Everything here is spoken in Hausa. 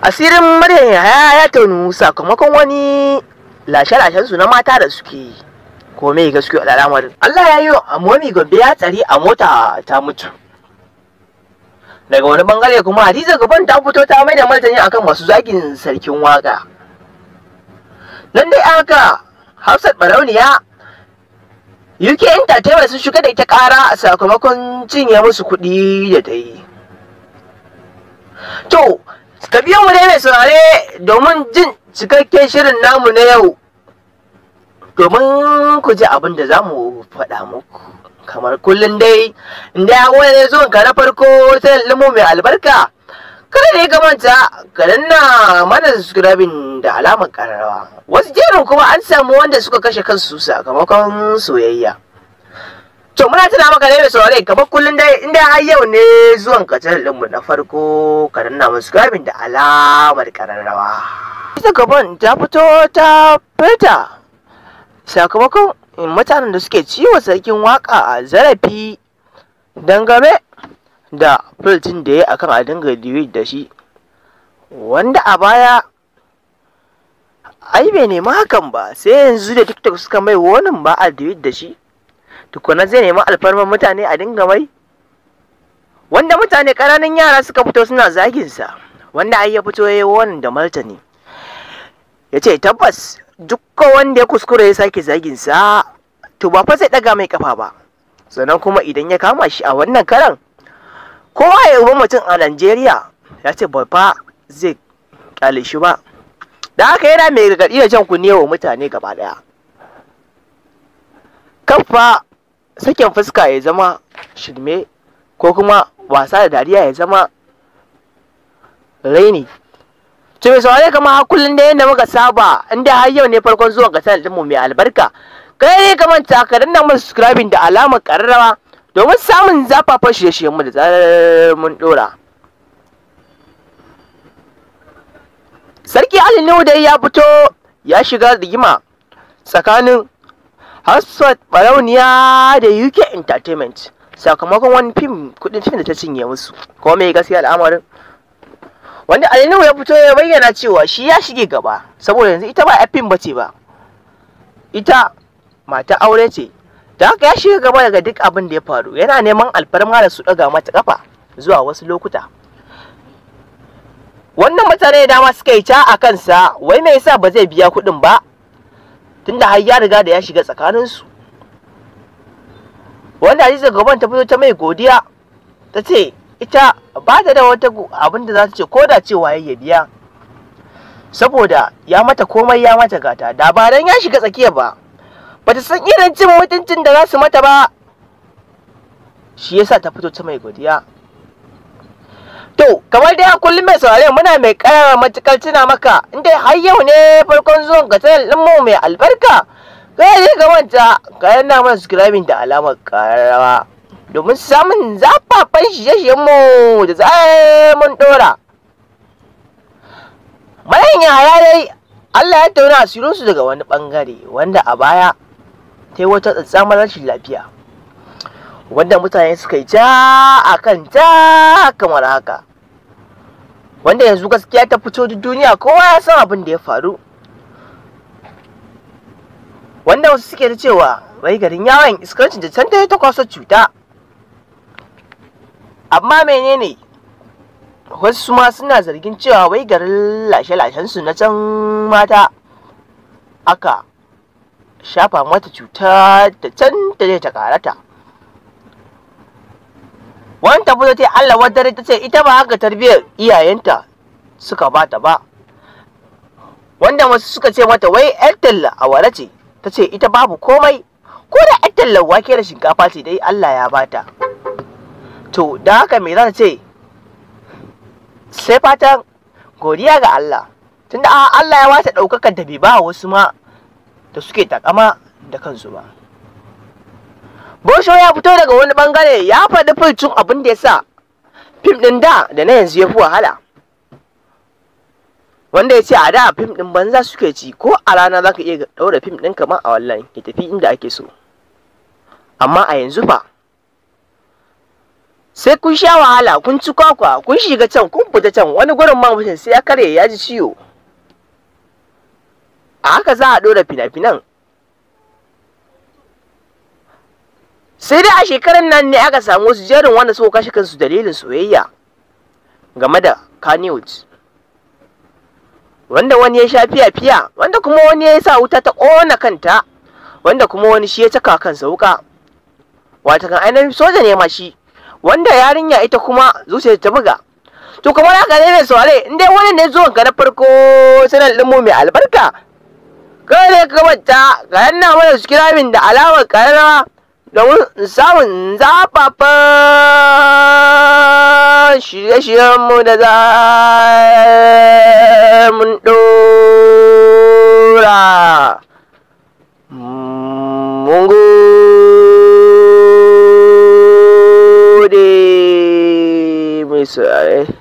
asirin maryam yahaya ya taunu sakamakon wani lashe-lashen su na mata da suke ko mai gaske a al'amarin Allah ya yi amomi gobe ya tsari a mota ta mutu daga wani bangare kuma hadiza gaban ta fito ta mai da martani akan masu zagin sarkin waka nan dai aka hafsat barauniya uk entertainment sun shiga da ita kara sakamakon cinye musu kuɗi da ta yi to ka biyo mu dai mai saurare domin jin cikakken shirin namu na yau domin ku ji abin da za mu faɗa muku kamar kullum dai inda ya wani zuwan ka na farko ta limo mai albarka kada da ya gamanta ka danna mana subscribing da alamar kararrawa wasu jerin kuma an samu wanda suka kashe kansu sakamakon soyayya to muna tuna maka ne da saurare kamar kullum dai in dai har yau ne zuwan ka channel mu na farko ka danna subscribing da alamar kararrawa ita gaban ta fito ta fita sakamakon mutanen da suke ciwo sarkin waka a zarafi dangane da filtin da ya akan a dinga diwi da shi wanda a baya ai bai nemi hakan ba sai yanzu da tiktok suka mai wonin ba a diwi da shi tukuna zai nemi alfarman mutane a dinga mai wanda mutane ƙananan yara suka fito suna zaginsa wanda ai ya fito yayi wannan da martani ya ce tabbas duk wanda ya kuskure ya sake zaginsa to ba fa sai ɗaga mai kafa ba sannan kuma idan ya kama shi a wannan karan kowa ya uba mutum a Najeriya ya ce ba fa zai kyale shi ba da haka yana mai gargaɗi da jan kunne wa mutane gaba ɗaya kafa sakin fuska ya zama shirme ko kuma wasa da dariya ya zama raini to mai ne kamar har kullum da yadda muka saba inda har yau ne farkon zuwa ga sanar mu mai albarka kai ne kamar ka nan masu subscribing da alamar ƙararrawa domin samun zafafan shirye-shiryen mu da zarar mun dora sarki ali nuhu dai ya fito ya shiga rigima tsakanin hotspot barauniya da uk entertainment sakamakon wani fim kudin fim da ta cinye musu kuma mai gaskiya al'amarin wanda alinu ya fito ya bayyana cewa shi ya shige gaba saboda yanzu ita ba a fim bace ba ita mata aure ce Ta haka ya shiga gaba daga duk abin da ya faru yana neman alfarma da su daga mata kafa zuwa wasu lokuta wannan mutane dama suka yi ta a kansa wai mai sa ba zai biya kuɗin ba tunda har ya riga da ya shiga tsakanin tsakaninsu wanda Hadiza gaban ta fito ta mai godiya ta ce ita ba ta da wata abin da za ta ce ko da cewa ya biya saboda ya mata komai ya mata gata da ba dan ya shiga tsakiya ba ba ta san irin cin mutuncin da za su mata ba shi yasa ta fito ta mai godiya kamar dai kullum mai saurare muna mai karara matukar tuna maka, inda har yau ne farkon zuwan ga channel mu mai albarka. Kai ne ga manta, kayan yana mana subscribing da alamar kararrawa. Domin samun zafafan shirye-shiryen mu da zai mun dora. Manyan yaya dai, Allah ya tauna asirinsu daga wani bangare wanda a baya ta yi wata tsatsamar rashin lafiya. wanda mutane suka yi ja a kan ja kamar haka wanda yanzu gaskiya ta fito da duniya kowa ya san abin da ya faru wanda wasu suke da cewa wai garin yawon iskancin da can ta ta kwaso cuta amma menene wasu ma suna zargin cewa wai garin lashe su na can mata aka shafa mata cuta da can da ta karata wani tafi ta Allah wadda ta ce ita ba haka tarbiyyar iyayenta suka ba ta ba wanda wasu suka ce mata wai yar a awara ce ta ce ita babu komai ko da yar tallar wake da shinkafa ce dai Allah ya ba ta, to da haka me za ta ce sai fatan godiya ga Allah tunda Allah ya wata ɗaukakar da bai ba wasu ma da suke takama da kansu ba Bosho ya fito daga wani bangare ya faɗi furcin abin da ya sa fim ɗin da da na yanzu ya fi wahala. Wanda ya ce a da fim ɗin banza suke ci ko a rana za ka iya ɗaura fim ɗin kamar a wallan ya tafi inda ake so. Amma a yanzu fa sai kun sha wahala kun ci kwakwa kun shiga can kun fita can wani gurin ma mutum sai ya karye ya ji ciwo. A haka za a ɗora fina-finan sai dai a shekarar nan ne aka samu wasu jerin wanda suka kashe kansu dalilin soyayya game da Kanewt. Wanda wani ya sha fiya-fiya, wanda kuma wani ya sa wuta ta ƙona kanta, wanda kuma wani shi ya caka kansa wuka. Wata kan ainihin soja ne ma shi, wanda yarinya ita kuma zuciya ta buga. To kamar haka ne mai saurare, in dai wani ne zuwan ka na farko sanar limo mai albarka. Kai ne ka manta, ga yana mana su kira min da alamar ƙararrawa domin samun zafafan shirye-shiryenmu da za mun dora mun gode mai